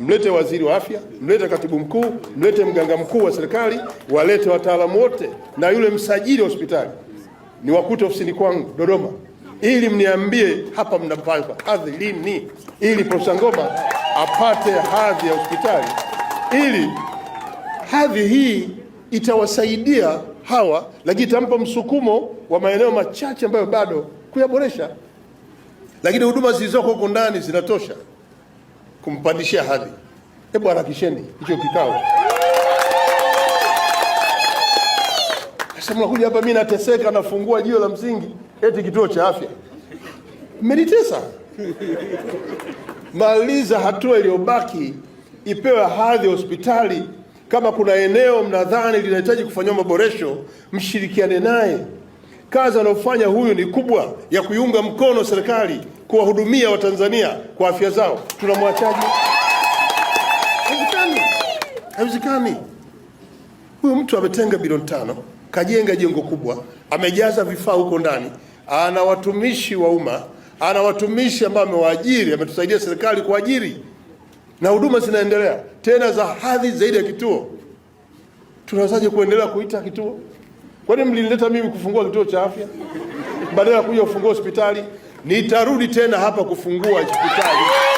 Mlete waziri wa afya, mlete katibu mkuu, mlete mganga mkuu wa serikali, walete wataalamu wote na yule msajili wa hospitali, ni wakute ofisini kwangu Dodoma, ili mniambie hapa mnapaa hadhi lini, ili Profesa Ngoma apate hadhi ya hospitali, ili hadhi hii itawasaidia hawa, lakini itampa msukumo wa maeneo machache ambayo bado kuyaboresha, lakini huduma zilizoko huko ndani zinatosha kumpandishia hadhi. Hebu harakisheni hicho kikao. Sasa mnakuja hapa, mimi nateseka, nafungua jio la msingi, eti kituo cha afya. Mmenitesa. Maliza hatua iliyobaki, ipewe hadhi ya hospitali. Kama kuna eneo mnadhani linahitaji kufanyiwa maboresho, mshirikiane naye. Kazi anayofanya huyu ni kubwa ya kuiunga mkono serikali kuwahudumia Watanzania kwa afya zao, tunamwachaje? Haiwezekani, haiwezekani. Huyu mtu ametenga bilioni tano, kajenga jengo kubwa, amejaza vifaa huko ndani, ana watumishi wa umma, ana watumishi ambao amewaajiri, ametusaidia serikali kuajiri, na huduma zinaendelea tena za hadhi zaidi ya kituo. Tunawezaje kuendelea kuita kituo? nini mlinileta mimi kufungua kituo cha afya badala ya kuja kufungua hospitali? Nitarudi tena hapa kufungua hospitali.